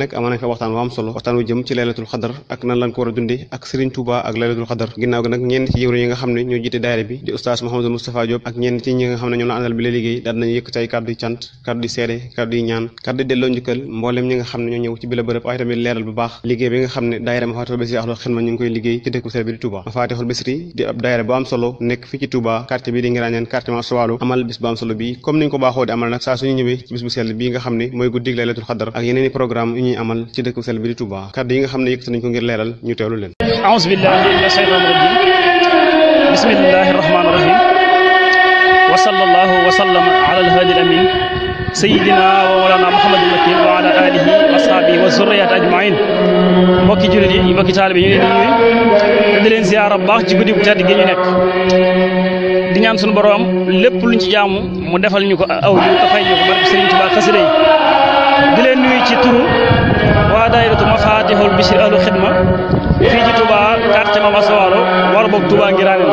gi nag fa waxtaan wu am solo waxtaan wu a am solo nekk fii ci Touba ko baaxoo di amal saa suñu ñëwee bis bu sell bi nga xam ne mooy guddig laylatul xadar ak yeneen i programme ñuy amal ci dëkk sel bi di Touba kàddu yi nga xam ne yëkkati nañ ko ngir leeral ñu teewlu leen aouzu billahi mina shaytaani rajim bismillahi rahmaani rahim wa sallallahu wa sallama yi ñu leen leen ziyaara baax ci guddi bu tedd gi ñu nekk di ñaan suñu borom lépp luñ ci jaamu mu defal ñu ko aw ñu ko ñu ko barke Sëriñ Tuubaa di nuyu ci turu waa daayiratu Mafatihul Bichri ahlu xidma fii ci Touba quartier Mame Asta Walo wala boog Touba Ngirane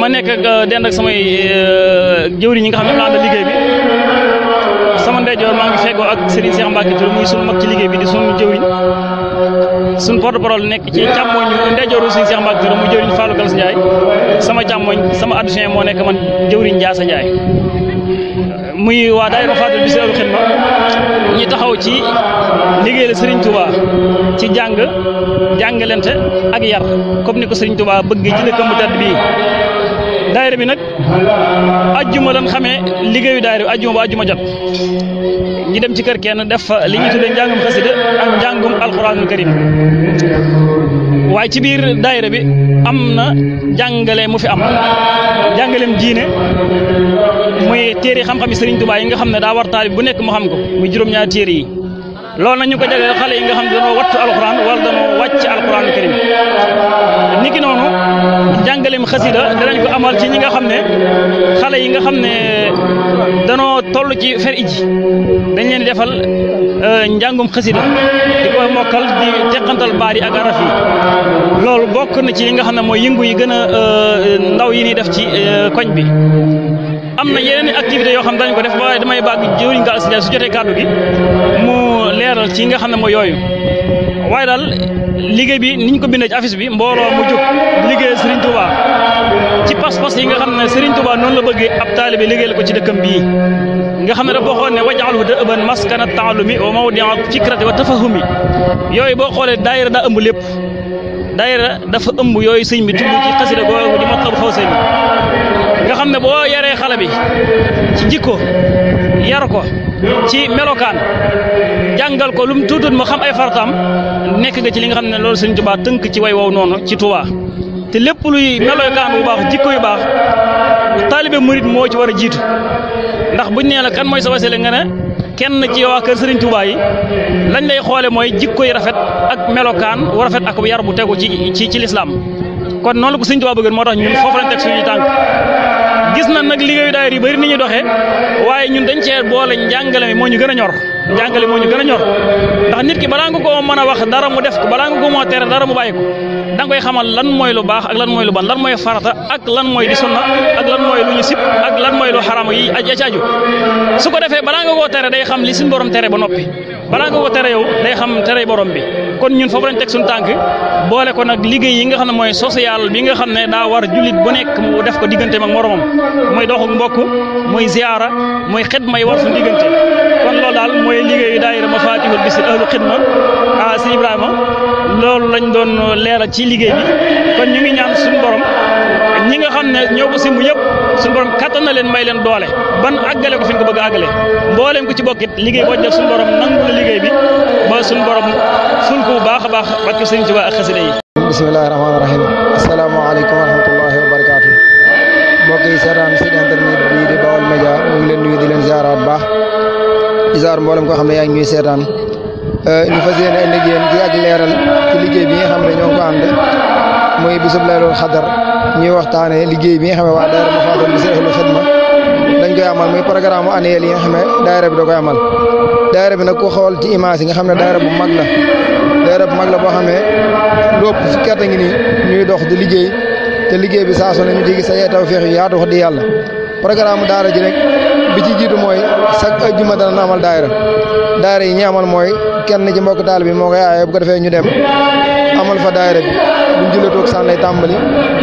ma nekk ak euh, dend ak samay euh, jëwriñ ñi nga xam ne laa na liggéey bi sama ndeyjoor maa ngi feggoo ak Serigne Cheikh Mbacke Touré muy sunu mag ci liggéey bi di sunu jëwriñ suñ porte parole nekk ci càmmoñu ndeyjooru suñu Cheikh Mbacke Touré mu jëwriñ Fallou Gallas sama càmmoñ sama adjoint moo nekk man jëwriñ Ndiassa Ndiaye muy waa daayira Xaadimal Bichri Xidma ñi taxaw ci liggéeyal Serigne Touba ci jàng jàngalante ak yar comme ni ko Serigne Touba bëgg ci dëkkam bu bii daayira bi nag ajjuma lan xamee liggéeyu daayira bi ajjuma ba ajjuma jot ñi dem ci kër kenn def fa li ñuy ci biir daayira bi am na jàngale mu fi am jàngalem diine muy téere xam-xam yi Serigne yi nga xam ne daa war taalib bu nekk mu xam ko muy juróom-ñaari téere yi loolu nag ko jagleel xale yi nga xam ne wattu alxuraan wala dañoo wàcc alxuraanul karim niki noonu njàngaleem xasida danañ ko amal ci ñi nga xam ne xale yi nga xam ne danoo toll ci fer iji dañ leen defal euh, njàngum xasida di ko mokkal di teqantal baar yi ak araf loolu bokk na ci li nga xam ne mooy yëngu yi gën a euh, ndaw yi ñuy def ci euh, koñ bi am na yeneen activité yoo xam ne dañ ko def ba damay bàgg jëriñ nga si su jotee kàddu gi mu leeral ci nga xam ne moo yooyu waaye daal liggéey bi niñ ko bindee ci affiche bi mbooloo mu jóg liggéey Serigne Touba ci pas-pas yi nga xam ne Serigne Touba noonu la bëggee ab taalibe liggéeyal ko ci dëkkam bii nga xam ne da boo xool ne wajaalhu da ëban maskana taalumi wa mawdia fikrati wa tafahumi yooyu boo xoolee daayira da ëmb lépp daayira dafa ëmb yooyu sëñ bi tudd ci xasida googu di Matlabul Fawzayni nga xam ne boo yaree xale bi ci jikko yar ko ci melokaan jàngal ko lu mu tuutut mu xam ay farataam nekk nga ci li nga xam ne loolu Sëriñ Tuubaa tënk ci way wow noonu ci Tuubaa te lépp luy melokaan bu baax jikko yu baax taalibe murit moo ci war a jiitu ndax buñ nee la kan mooy sa wasila nga ne kenn ci waa kër Serigne Touba yi lañ lay xoole mooy jikko yi rafet ak melokaan wu rafet ak yar bu tegu ci ci ci lislaam kon noonu la ko Serigne Touba moo tax ñun foofu lañ teg suñuy na nag liggéeyu daayira yi bëri ni ñu doxee waaye ñun dañ cee boole njàngale mi moo ñu gën a ñor njàngale moo ñu gën a ñor ndax nit ki balaa nga koo mën a wax dara mu def ko balaa nga ko moo tere dara mu bàyyi ko da koy xamal lan mooy lu baax ak lan mooy lu ban lan mooy farata ak lan mooy di sunna ak lan mooy lu ñu sib ak lan mooy lu xaraam yi a caaju su ko defee balaa nga koo tere day xam li suñu borom tere ba noppi balaa nga koo tere yow day xam tere borom bi kon ñun foofu lañ teg suñu tànk boole ko nag liggéey yi nga xam ne mooy social bi nga xam ne daa war jullit bu nekk mu def ko digganteem ak moromam mooy doxuk mbokk mooy ziyaara mooy xidma yi war suñu diggante kon loolu daal mooy liggéeyu daayira Mafatihul Bichri ahlu xidma ah si Ibrahima loolu lañ doon leeral ci liggéey bi kon ñu ngi ñaan suñu borom ñi nga xam ne ñoo ko simb yëpp suñu borom kattan na leen may leen doole ban àggale ko fi ñu ko bëgg a mbooleem ko ci bokkit liggéey boo def suñu borom nangu la liggéey bi ba suñu borom ful ko baax a baax barke sëriñ Tuubaa ak xasida yi bismillaahi rahmaani rahiim asalaamaaleykum wa rahmatullaahi wa barakaatu mbokk yi seetaan si internet bi di Baol Média ñu ngi leen nuyu di leen ziaraat baax di ziar mboolem koo xam ne yaa ngi ñuy seetaan euh, ñu fas yéene indi yéen ci ak leeral ci liggéey bi nga xam ne ñoo ngi ko muy bisub Laylatul Qadr ñuy waxtaanee liggéey bi nga xam ne waa daayira Moukhaddamatoul Khidma dañ koy amal muy programme annuel yi nga xam ne daayira bi da koy amal daayira bi nag ku xool ci image yi nga xam ne daayira bu mag la daayira bu mag la boo xam ne lépp fukki a ngi nii ñuy dox di liggéey te liggéey bi saa su ñu ci gis ay tawfeex yu yaatu wax di yàlla programme daara ji nag bi ci jiitu mooy chaque ajjuma dana amal daayira daayira yi ñi amal mooy kenn ci mbokk daal bi moo koy aaye bu ko defee ñu dem amal fa daayira bi buñ jullee toog saan lay tàmbali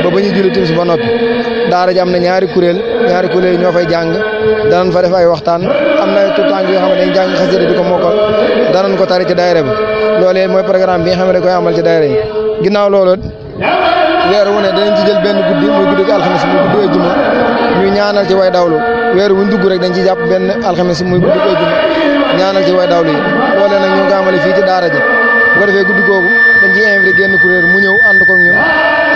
ba ba ñuy julli timis ba noppi daara ja am na ñaari kuréel ñaari kuréel yi ñoo fay jàng danañ fa def ay waxtaan am na ay tuutànk yoo xam ne dañ jàng xasida di ko mokkal danañ ko tari ci daayira bi loolee mooy programme bi nga xam ne da koy amal ci daayira yi ginnaaw loolu weer wu ne danañ ci jël benn guddi muy guddi alxames muy guddi ajjuma ñu ñaanal ci way dawlu weer wuñ dugg rek dañ ci jàpp benn alxames muy guddi ajjuma ñaanal ci way dawlu yi loolee nag ñoo ko amale fii ci daara ji bu ko defee guddi googu dañ ciy invité génn kuréel mu ñëw ànd ko ñun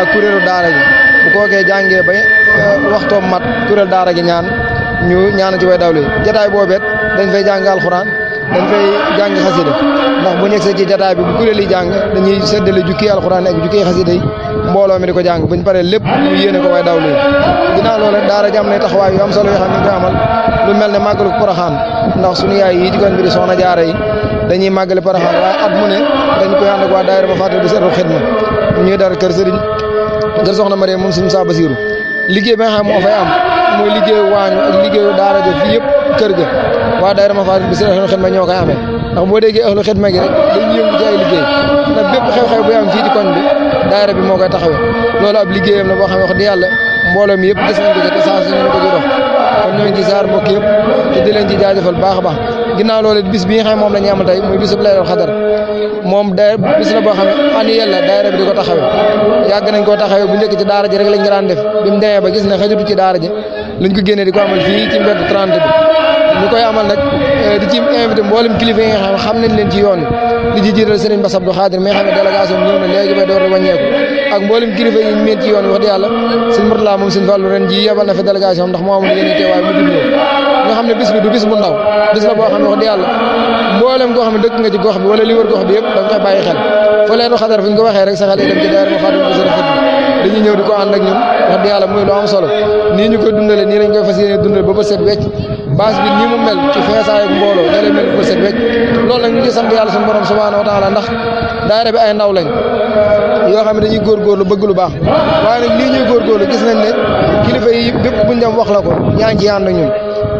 ak kuréelu daara ji bu kookee jàngee ba euh, waxtoom mat kuréel daara ji ñaan ñu ñaan ci way dawle jataay boobet dañ fay jàng alxuraan dañ fay jàng xasida ndax bu ñëgsee ci jataay bi bu kuréel yi jàng dañuy seddale jukki alxuraan ak jukki xasida yi mbooloo mi di ko jàng buñ paree lépp ñu yéene ko way dawle ginnaaw loolu daara ji am na taxawaay yu am solo yoo xam ne lu mel ne màggalu Poroxaan ndax suñu yaay yi ci yi bi di soxna jaara yi dañuy màggale Porokhane waaye at mu ne dañ koy ànd ak waa daayira ba fàttali di seetlu xidma ñuy dara kër sëriñ kër soxna Marie moom suñu saa basiiru liggéey bi nga xam moo fay am mooy liggéey waañ ak liggéeyu daara ja fii yëpp kër ga waa daayira ma fàttali di seetlu xidma ñoo koy amee ndax boo déggee ahlu xidma gi rek dañuy yëngu ci ay liggéey ndax bépp xew-xew bu am fii ci bi daayira bi moo koy taxawee loolu ab liggéeyam la boo xam ne wax di yàlla mbooloo mi yëpp gis nañ ko te saa su ñu ko ci yëpp di leen ci jaajëfal baax a baax ginnaaw loolu bis bi nga xam ne moom la ñu am tey muy bisub Laylatul Qadr moom day bis la boo xam ne annuel la daayira bi di ko taxawee yàgg nañ koo taxawee bu njëkk ci daara ji rek lañ ko daan def bi mu demee ba gis na xajutu ci daara ji lañ ko génnee di ko amal fii ci mbedd 30 bi ñu koy amal nag euh, di ci invité mboolem kilifa yi nga xam xam nañ leen ci yoon di ci jiital Serigne Bass Abdou Khadir mi nga xam ne délégation bi ñëw na léegi ba door a wàññeeku ak mboolem kilifa yi meen ci yoon wax dëgg yàlla sëñ Mourtala moom sëñ Fallou ren ji yebal na fi délégation ndax moo amoon yéen teewaay mu dund nga xam ne bis bi du bis bu ndaw bis goo xam ne dëkk nga ci gox bi wala li wër gox bi ko waxee rek sa xel yi ñëw di ko ànd ak ñun wax dëgg yàlla muy lu am solo nii ñu koy dundalee nii lañ koy fas yéene dundal ba ba set wecc nii mu mel ci feesaay ak mbooloo da lay mel ba set wecc loolu nag ñu ngi sant yàlla suñu borom wa taala ndax daayira bi ay ndaw lañ yoo xam ne dañuy góorgóorlu bëgg lu baax waaye nag lii ñuy góorgóorlu gis nañ ne kilifa yi bépp buñ dem wax la ko ñaa ngi ci ànd ñun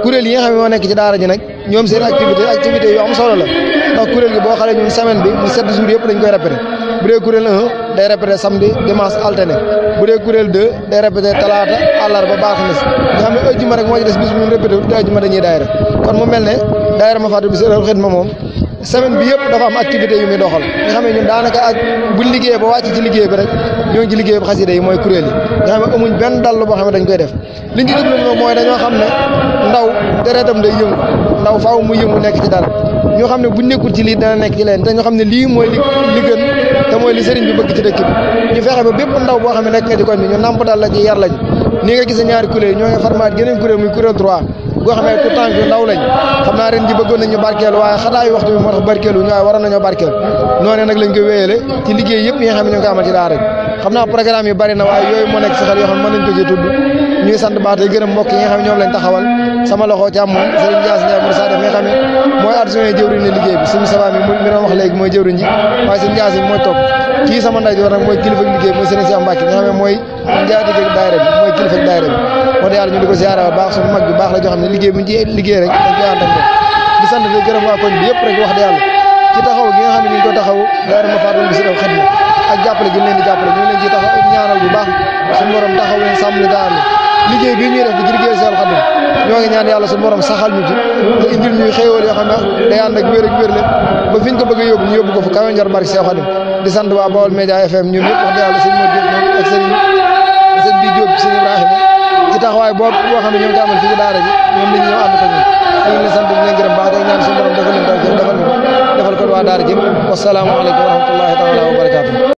kuréel yi nga xam ne nekk ci daara ji nag ñoom seen activité activité yu am solo la ndax kuréel gi boo xoolee ñun semaine bi mu sept jours yëpp dañ koy répété bu dee kuréel 1 day répété samedi dimanche alterné bu dee kuréel 2 day répété talaata àllarba baax na si nga xam ne ajjuma rek moo ci des bis bu ñu répété wut te ajjuma dañuy daayira kon mu mel ne daayira ma fàtte bi seen xidma moom semaine bi yëpp dafa am activité yu muy doxal nga xam ne ñun daanaka ak bu liggéey ba wàcc ci liggéey bi rek ñoo ngi ci bi xasida yi mooy kuréel yi nga xam ne boo xam ne dañ koy def liñ ci jublu moom mooy dañoo xam ne ndaw deretam day yëngu ndaw faaw mu yëngu nekk ci dara ñoo xam ne bu nekkul ci lii dana nekk leen te ñoo xam ne lii mooy li te mooy li sëriñ bi bëgg ci dëkk ñu fexe ba bépp ndaw boo xam ne nekk nga ci koñ bi ñu namp dal la ci yar lañ nii nga gis ñaari kuréel ñoo ngi formaat geneen kuréel muy goo xam ne ku tànk ndaw lañ xam naa ren ji bëggoon nañ barkeelu waaye xataayu waxtu moo tax barkeelu waaye waroon nañoo barkeelu noonu nag lañ ko wéyale ci liggéey yëpp yi nga xam ne ñu ngi ko amal xam naa programme yi bari waaye yooyu moo nekk si yoo xam ne mën ko ci tudd ñuy sant baatay gërëm mbokk yi nga xam ñoom lañ taxawal sama loxo càmmoñ Serigne Dias Ndiaye coordonné jëwriñ ne liggéey bi sëñ Moustapha mi mi doon wax léegi mooy jëwriñ ji waaye sëñ Ndiass mi mooy topp kii sama joor nag mooy kilifa liggéey bi wax dëgg yàlla ñu di ko ziara baax suñu mag bi baax la joo ne liggéey bi ñu liggéey rek waa koñ bi yëpp rek wax dëgg yàlla ci taxaw gi nga xam ne ñu ngi ko taxaw daayira ma faatoon bi si daw xet na ak jàppale gi leen di jàppale baax suñu borom taxaw leen sàmm liggéey bii ñuy def di ci liggéey Seex Xaadim ñoo ngi ñaan yàlla suñu borom saxal ñu ci te indil ñuy xéewal yoo xam ne day ànd ak le ba fi ñu ko bëgg a ñu yóbbu ko fu kawe njor bari Seex Xaadim di sant waa Baol Média FM ñun ñëpp wax dëgg yàlla sëñ Modou Diop ak sëñ sëñ bi Diop sëñ Ibrahima ci taxawaay boobu boo xam ne ñoom amal fii ci daara ji ñoom nit ñi ñoo ànd ko ñun ñu ngi leen sant di leen gërëm baax day ñaan suñu borom defal leen tawfiq defal daara ji wasalaamaaleykum wa rahmatullahi